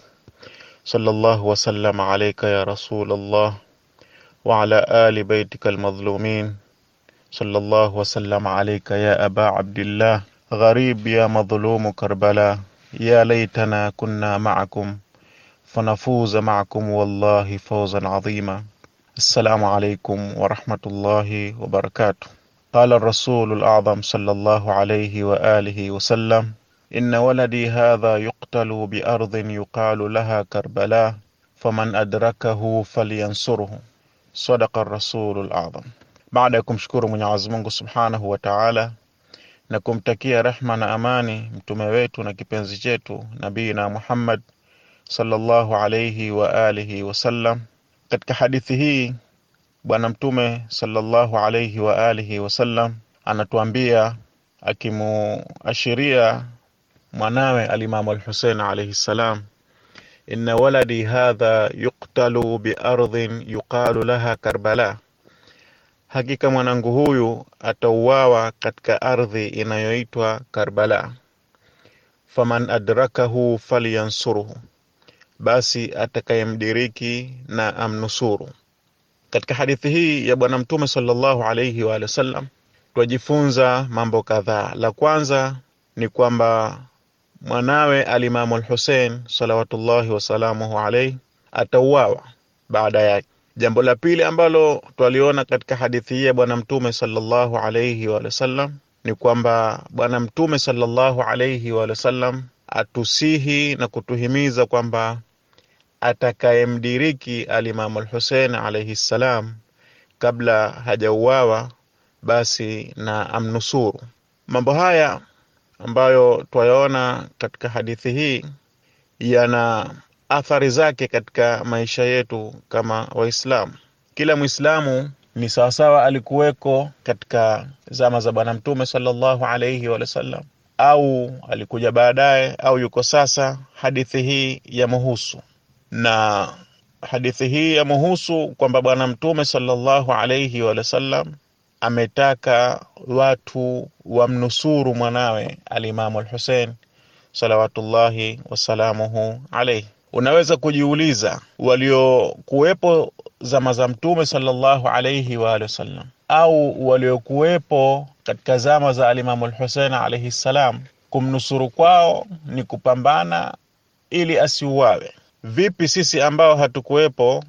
صلى الله وسلم عليك يا رسول الله وعلى آل بيتك المظلومين صلى الله وسلم عليك يا أبا عبد الله غريب يا مظلوم كربلاء يا ليتنا كنا معكم فنفوز معكم والله فوزا عظيما السلام عليكم ورحمة الله وبركاته قال الرسول الأعظم صلى الله عليه وآله وسلم إن ولدي هذا يقتل بأرض يقال لها كربلاء فمن أدركه فلينصره صدق الرسول الأعظم بعد ya kumshukuru mwenyezi سبحانه وتعالى wa taala na kumtakia rehma na amani mtume wetu na kipenzi chetu nabii na muhammad sallallahu alayhi wa alihi wasallam. Katika hadithi hii Bwana Mtume sallallahu alayhi wa alihi wasallam anatuambia akimuashiria mwanawe alimamu Alhusein alaihi ssalam, inna waladi hadha yuktalu biardhin yuqalu laha Karbala, hakika mwanangu huyu atauawa katika ardhi inayoitwa Karbala, faman adrakahu falyansuruhu basi atakayemdiriki na amnusuru. Katika hadithi hii ya Bwana Mtume sallallahu alayhi wa sallam twajifunza mambo kadhaa. La kwanza ni kwamba mwanawe Alimamu Alhusein salawatullahi wasalamuhu alayhi atauawa baada yake. Jambo la pili ambalo twaliona katika hadithi hii ya Bwana Mtume sallallahu alayhi wa sallam ni kwamba Bwana Mtume sallallahu alayhi wa sallam atusihi na kutuhimiza kwamba atakayemdiriki alimamu Alhusein alaihi ssalam kabla hajauawa basi na amnusuru. Mambo haya ambayo twayaona katika hadithi hii yana athari zake katika maisha yetu kama Waislamu. Kila Mwislamu ni sawasawa alikuweko katika zama za Bwana Mtume sallallahu alaihi wasallam, au alikuja baadaye au yuko sasa, hadithi hii muhusu na hadithi hii yamuhusu kwamba Bwana Mtume sallallahu wa sallam ametaka watu wamnusuru mwanawe Alimamu al-Hussein salawatullahi wasalamuhu alayhi Unaweza kujiuliza waliokuwepo zama za Mtume sallallahu alayhi wa sallam au waliokuwepo katika zama za Alimamu al-Hussein alayhi salam kumnusuru kwao ni kupambana ili asiuawe Vipi sisi ambao hatukuwepo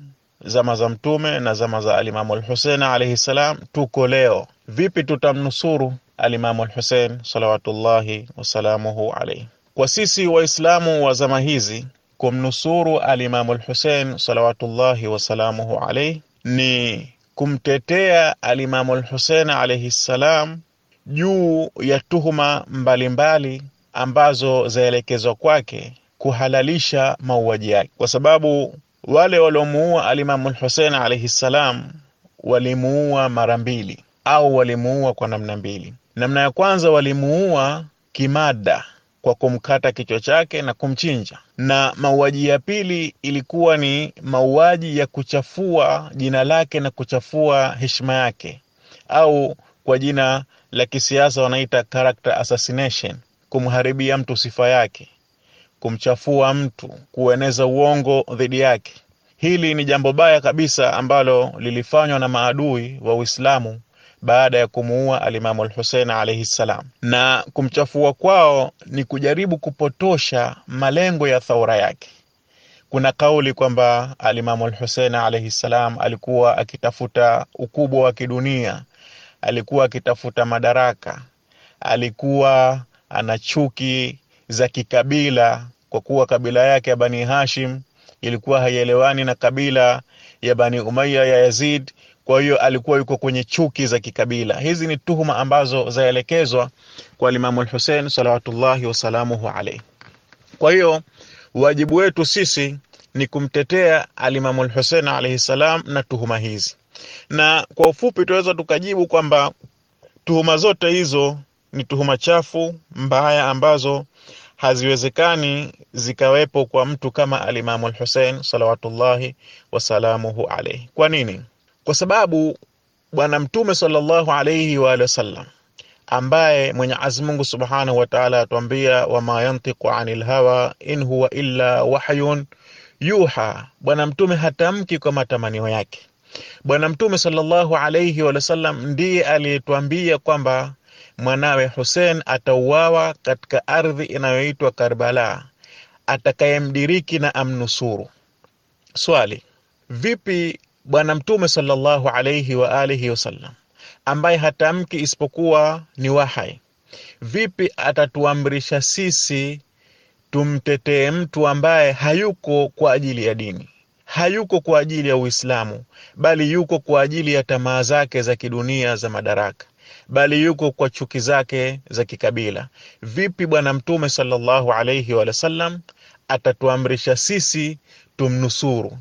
zama za Mtume na zama za Alimamu Alhusein alaihi ssalam, tuko leo, vipi tutamnusuru Alimamu Alhusein salawatullahi wasalamuhu alaihi? Kwa sisi Waislamu wa zama hizi kumnusuru Alimamu Alhusein salawatullahi wasalamuhu alaihi ni kumtetea Alimamu Alhusein alaihi ssalam juu ya tuhuma mbalimbali ambazo zaelekezwa kwake kuhalalisha mauaji yake, kwa sababu wale waliomuua alimamu Lhusein alaihi ssalam walimuua mara mbili au walimuua kwa namna mbili. Namna ya kwanza walimuua kimada kwa kumkata kichwa chake na kumchinja, na mauaji ya pili ilikuwa ni mauaji ya kuchafua jina lake na kuchafua heshima yake, au kwa jina la kisiasa wanaita character assassination, kumharibia mtu sifa yake kumchafua mtu, kueneza uongo dhidi yake. Hili ni jambo baya kabisa ambalo lilifanywa na maadui wa Uislamu baada ya kumuua alimamu al-Hussein alayhi salam, na kumchafua kwao ni kujaribu kupotosha malengo ya thaura yake. Kuna kauli kwamba alimamu al-Hussein alayhi salam alikuwa akitafuta ukubwa wa kidunia, alikuwa akitafuta madaraka, alikuwa ana chuki za kikabila, kwa kuwa kabila yake ya Bani Hashim ilikuwa haielewani na kabila ya Bani Umayya ya Yazid. Kwa hiyo alikuwa yuko kwenye chuki za kikabila. Hizi ni tuhuma ambazo zaelekezwa kwa Imamu al-Hussein salawatullahi wasalamuhu alayhi. Kwa hiyo wajibu wetu sisi ni kumtetea alimamu al-Hussein alayhi salam na tuhuma hizi, na kwa ufupi tuweza tukajibu kwamba tuhuma zote hizo ni tuhuma chafu mbaya ambazo haziwezekani zikawepo kwa mtu kama alimamu Al-Hussein salawatullahi wasalamuhu alayhi. Kwa nini? Kwa sababu Bwana Mtume sallallahu alayhi wa sallam ambaye mwenye Mungu subhanahu wa taala atuambia, wama yantiqu anil hawa in huwa illa wahyun yuha. Bwana Mtume hatamki kwa matamanio yake. Bwana Mtume sallallahu alayhi wa sallam ndiye aliyetuambia kwamba mwanawe Hussein atauawa katika ardhi inayoitwa Karbala, atakayemdiriki na amnusuru. Swali, vipi Bwana Mtume sallallahu alayhi wa alihi wasallam ambaye hatamki isipokuwa ni wahai, vipi atatuamrisha sisi tumtetee mtu ambaye hayuko kwa ajili ya dini, hayuko kwa ajili ya Uislamu, bali yuko kwa ajili ya tamaa zake za kidunia za madaraka? bali yuko kwa chuki zake za kikabila. Vipi Bwana Mtume sallallahu wa sallam atatuamrisha sisi tumnusuru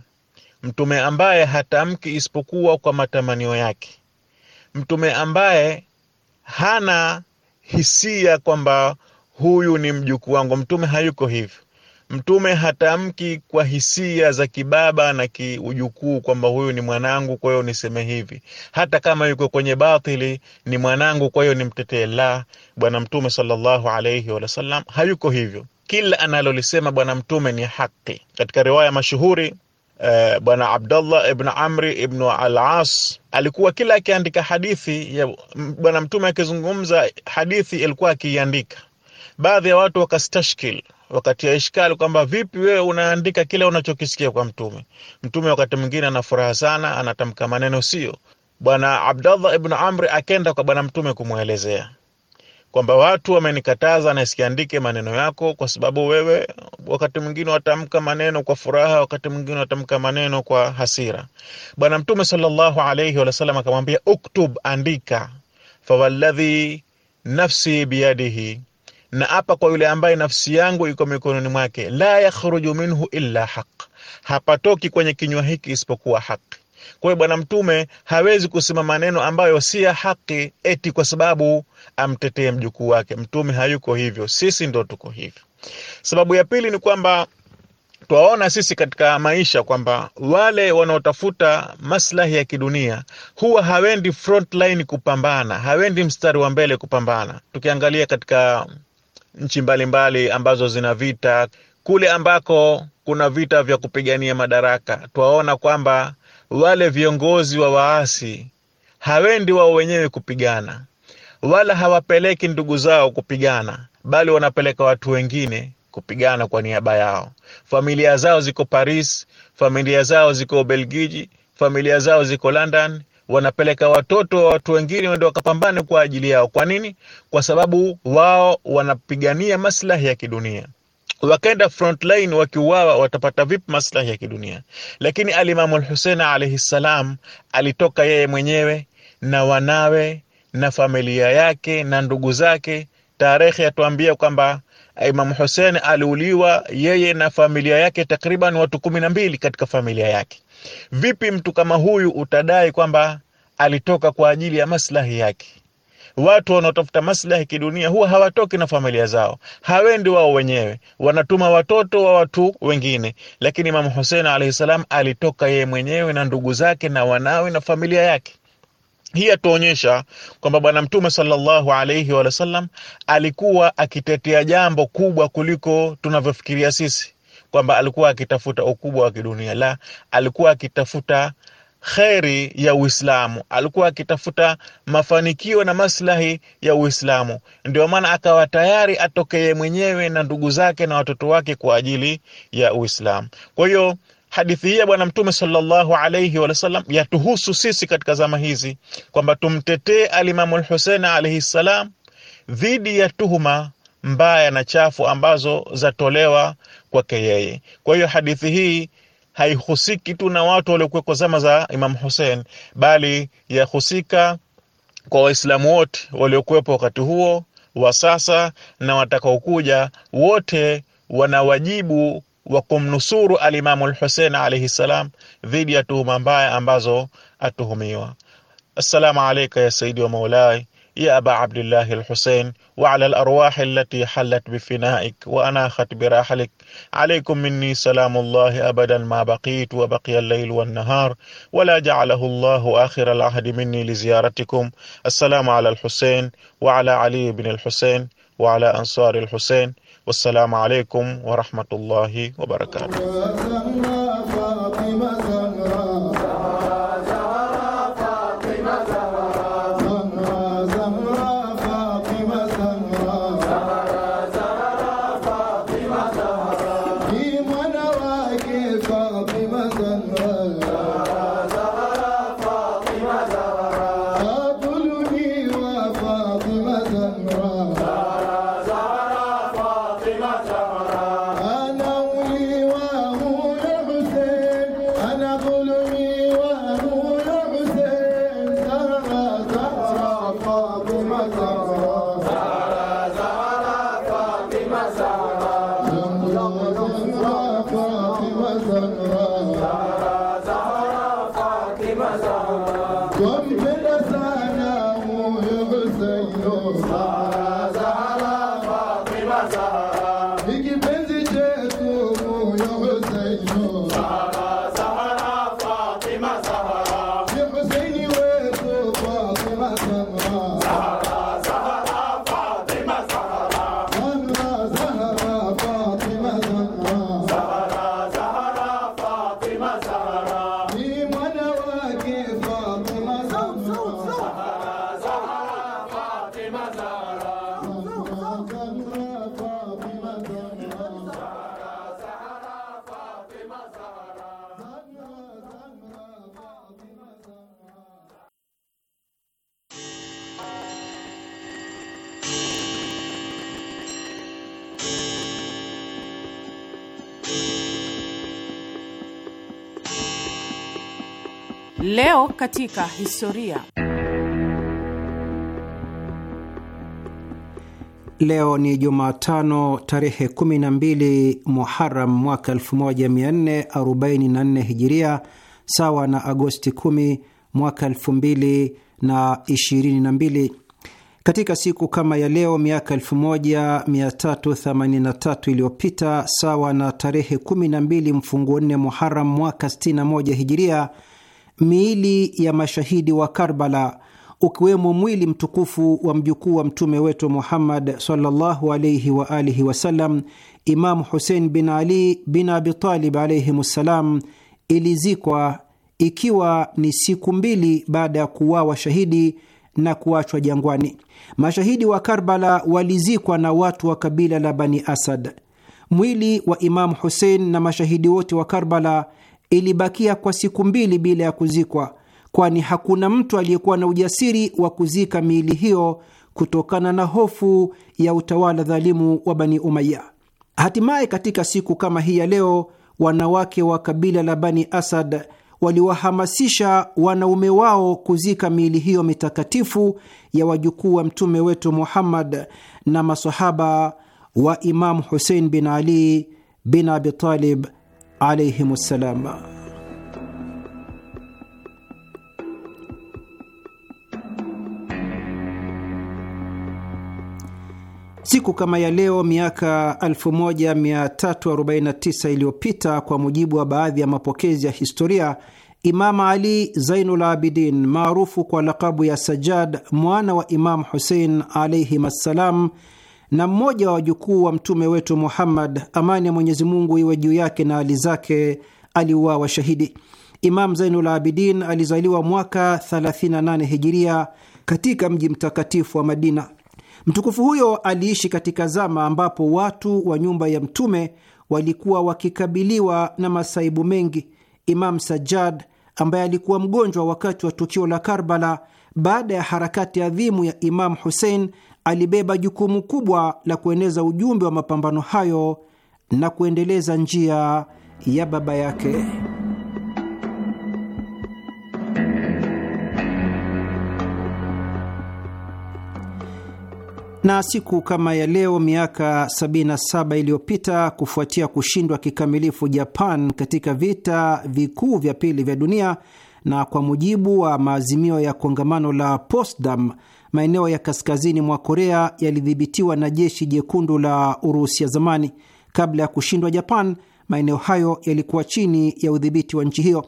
mtume ambaye hatamki isipokuwa kwa matamanio yake, mtume ambaye hana hisia kwamba huyu ni mjukuu wangu, mtume hayuko hivyo. Mtume hatamki kwa hisia za kibaba na kiujukuu kwamba huyu ni mwanangu, kwa hiyo niseme hivi, hata kama yuko kwenye batili, ni mwanangu, kwa hiyo nimtetee. La, Bwana Mtume sallallahu alayhi wa sallam hayuko hivyo. Kila analolisema Bwana Mtume ni haki. Katika riwaya mashuhuri Uh, Bwana Abdullah ibn Amri ibn al-As alikuwa kila akiandika hadithi ya Bwana Mtume akizungumza hadithi, alikuwa akiiandika. Baadhi ya watu wakastashkil wakati ya ishkali kwamba vipi wewe unaandika kile unachokisikia kwa mtume. Mtume wakati mwingine ana furaha sana, anatamka maneno sio. Bwana Abdallah ibn Amri akenda kwa bwana mtume kumwelezea kwamba watu wamenikataza nasikiandike maneno yako, kwa sababu wewe wakati mwingine watamka maneno kwa furaha, wakati mwingine watamka maneno kwa hasira. Bwana Mtume sallallahu alayhi wa sallam akamwambia, uktub, andika, fawalladhi nafsi biyadihi na apa kwa yule ambaye nafsi yangu iko mikononi mwake, la yakhruju minhu illa haq, hapatoki kwenye kinywa hiki isipokuwa haki. Kwa hiyo Bwana Mtume hawezi kusema maneno ambayo si ya haki eti kwa sababu amtetee mjukuu wake. Mtume hayuko hivyo, sisi ndo tuko hivyo. Sababu ya pili ni kwamba twaona sisi katika maisha kwamba wale wanaotafuta maslahi ya kidunia huwa hawendi frontline kupambana, hawendi mstari wa mbele kupambana. Tukiangalia katika nchi mbalimbali ambazo zina vita, kule ambako kuna vita vya kupigania madaraka, twaona kwamba wale viongozi wa waasi hawendi wao wenyewe kupigana, wala hawapeleki ndugu zao kupigana, bali wanapeleka watu wengine kupigana kwa niaba yao. Familia zao ziko Paris, familia zao ziko Ubelgiji, familia zao ziko London, wanapeleka watoto wa watu wengine wende wakapambane kwa ajili yao. Kwa nini? Kwa sababu wao wanapigania maslahi ya kidunia. Wakaenda frontline wakiuawa, watapata vipi maslahi ya kidunia? Lakini Alimamu Alhusein alaihi ssalam alitoka yeye mwenyewe na wanawe na familia yake na ndugu zake. Tarehe yatuambia kwamba Imamu Husein aliuliwa yeye na familia yake, takriban watu kumi na mbili katika familia yake. Vipi mtu kama huyu utadai kwamba alitoka kwa ajili ya maslahi yake? Watu wanaotafuta maslahi kidunia huwa hawatoki na familia zao, hawendi wao wenyewe, wanatuma watoto wa watu wengine. Lakini Imamu Husein alaihi salam alitoka yeye mwenyewe na ndugu zake na wanawe na familia yake. Hii yatuonyesha kwamba Bwana Mtume sallallahu alaihi sallam alikuwa akitetea jambo kubwa kuliko tunavyofikiria sisi kwamba alikuwa akitafuta ukubwa wa kidunia, la, alikuwa akitafuta kheri ya Uislamu, alikuwa akitafuta mafanikio na maslahi ya Uislamu. Ndio maana akawa tayari atokeye mwenyewe na ndugu zake na watoto wake kwa ajili ya Uislamu. Kwa hiyo hadithi hii ya Bwana Mtume sallallahu alayhi wa sallam yatuhusu sisi katika zama hizi kwamba tumtetee alimamu Lhusein alaihi ssalam dhidi ya tuhuma mbaya na chafu ambazo zatolewa kwake yeye. Kwa hiyo hadithi hii haihusiki tu na watu kwa zama za Imam Hussein, bali yahusika kwa Waislamu wote waliokuwepo wakati huo wa sasa na watakaokuja. Wote wana wajibu wa kumnusuru alimamu Lhusein alaihi ssalam dhidi ya tuhuma mbaya ambazo atuhumiwa. Assalamu alaika ya saidi wa maulai يا أبا عبد الله الحسين وعلى الأرواح التي حلت بفنائك وأناخت براحلك عليكم مني سلام الله أبدا ما بقيت وبقي الليل والنهار ولا جعله الله آخر العهد مني لزيارتكم السلام على الحسين وعلى علي بن الحسين وعلى أنصار الحسين والسلام عليكم ورحمة الله وبركاته <laughs> Leo katika historia. Leo ni Jumatano tarehe 12 Muharam mwaka 1444 Hijiria, sawa na Agosti 10 mwaka 2022. Katika siku kama ya leo miaka 1383 iliyopita, sawa na tarehe 12 mfunguo 4 Muharam mwaka 61 Hijiria, miili ya mashahidi wa Karbala, ukiwemo mwili mtukufu wa mjukuu wa mtume wetu Muhammad sallallahu alayhi wa alihi wasallam, Imamu Husein bin Ali bin Abitalib alaihim ssalam, ilizikwa ikiwa ni siku mbili baada ya kuwawa shahidi na kuachwa jangwani. Mashahidi wa Karbala walizikwa na watu wa kabila la Bani Asad. Mwili wa Imamu Husein na mashahidi wote wa Karbala ilibakia kwa siku mbili bila ya kuzikwa, kwani hakuna mtu aliyekuwa na ujasiri wa kuzika miili hiyo kutokana na hofu ya utawala dhalimu wa Bani Umaya. Hatimaye katika siku kama hii ya leo, wanawake wa kabila la Bani Asad waliwahamasisha wanaume wao kuzika miili hiyo mitakatifu ya wajukuu wa mtume wetu Muhammad na masahaba wa Imamu Husein bin Ali bin Abi Talib alaihim ssalam. Siku kama ya leo miaka 1349 iliyopita, kwa mujibu wa baadhi ya mapokezi ya historia, Imam Ali Zainul Abidin maarufu kwa lakabu ya sajad mwana wa Imam Husein alaihim assalam na mmoja wa wajukuu wa mtume wetu Muhammad, amani ya Mwenyezi Mungu iwe juu yake na hali zake, aliuawa shahidi. Imam Zainul Abidin alizaliwa mwaka 38 hijiria katika mji mtakatifu wa Madina. Mtukufu huyo aliishi katika zama ambapo watu wa nyumba ya mtume walikuwa wakikabiliwa na masaibu mengi. Imam Sajjad ambaye alikuwa mgonjwa wakati wa tukio la Karbala baada ya harakati adhimu ya Imamu Husein alibeba jukumu kubwa la kueneza ujumbe wa mapambano hayo na kuendeleza njia ya baba yake. Na siku kama ya leo miaka 77 iliyopita, kufuatia kushindwa kikamilifu Japan katika vita vikuu vya pili vya dunia na kwa mujibu wa maazimio ya kongamano la Potsdam, maeneo ya kaskazini mwa Korea yalidhibitiwa na jeshi jekundu la Urusi ya zamani. Kabla ya kushindwa Japan, maeneo hayo yalikuwa chini ya udhibiti wa nchi hiyo.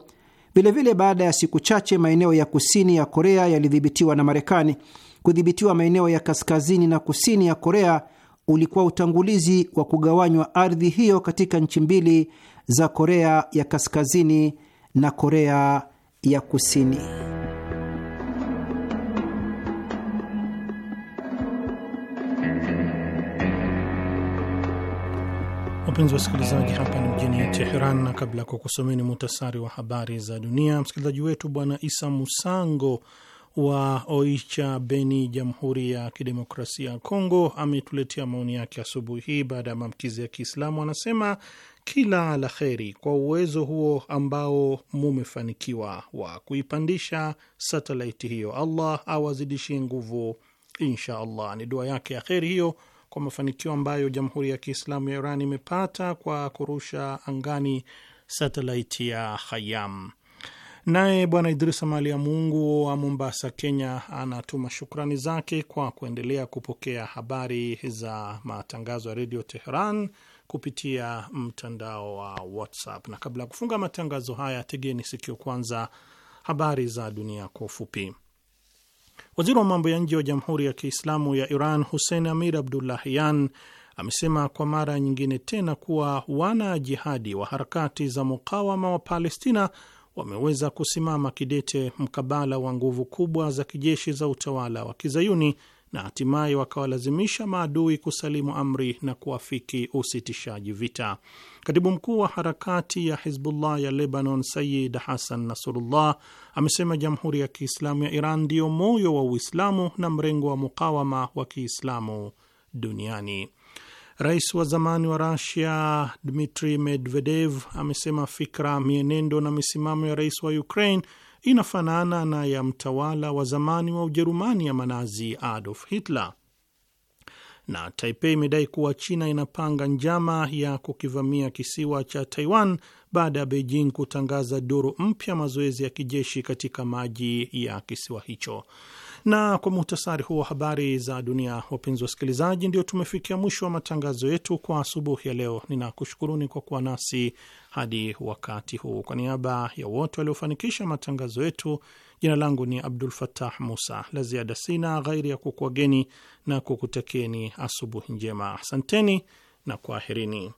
Vilevile, baada ya siku chache, maeneo ya kusini ya Korea yalidhibitiwa na Marekani. Kudhibitiwa maeneo ya kaskazini na kusini ya Korea ulikuwa utangulizi wa kugawanywa ardhi hiyo katika nchi mbili za Korea ya kaskazini na Korea ya Kusini. Wapenzi wasikilizaji, hapa ni mjini Teheran, na kabla ya kukusomeni muhtasari wa habari za dunia, msikilizaji wetu Bwana Isa Musango wa Oicha, Beni, Jamhuri ya Kidemokrasia ya Kongo, ametuletea maoni yake asubuhi hii baada ya maamkizi ya Kiislamu. Anasema kila la kheri kwa uwezo huo ambao mumefanikiwa wa kuipandisha satelaiti hiyo. Allah awazidishie nguvu, insha Allah. Ni dua yake ya kheri hiyo kwa mafanikio ambayo Jamhuri ya Kiislamu ya Iran imepata kwa kurusha angani satelaiti ya hayam Naye Bwana Idrisa Mali ya Mungu wa Mombasa, Kenya, anatuma shukrani zake kwa kuendelea kupokea habari za matangazo ya Redio Teheran kupitia mtandao wa WhatsApp. Na kabla ya kufunga matangazo haya, tegeni sikio kwanza habari za dunia kwa ufupi. Waziri wa mambo ya nje wa Jamhuri ya Kiislamu ya Iran Hussein Amir Abdullahian amesema kwa mara nyingine tena kuwa wana jihadi wa harakati za mukawama wa Palestina wameweza kusimama kidete mkabala wa nguvu kubwa za kijeshi za utawala wa kizayuni na hatimaye wakawalazimisha maadui kusalimu amri na kuafiki usitishaji vita. Katibu mkuu wa harakati ya Hizbullah ya Lebanon, Sayid Hasan Nasrullah, amesema Jamhuri ya Kiislamu ya Iran ndiyo moyo wa Uislamu na mrengo wa mukawama wa Kiislamu duniani. Rais wa zamani wa Rusia Dmitri Medvedev amesema fikra, mienendo na misimamo ya rais wa Ukraine inafanana na ya mtawala wa zamani wa Ujerumani ya manazi Adolf Hitler. Na Taipei imedai kuwa China inapanga njama ya kukivamia kisiwa cha Taiwan baada ya Beijing kutangaza duru mpya mazoezi ya kijeshi katika maji ya kisiwa hicho. Na kwa muhtasari huu wa habari za dunia, wapenzi wasikilizaji, ndio tumefikia mwisho wa matangazo yetu kwa asubuhi ya leo. Ninakushukuruni kwa kuwa nasi hadi wakati huu. Kwa niaba ya wote waliofanikisha matangazo yetu, jina langu ni Abdul fatah Musa. La ziada sina ghairi ya kukuageni na kukutekeni asubuhi njema. Asanteni na kwaherini.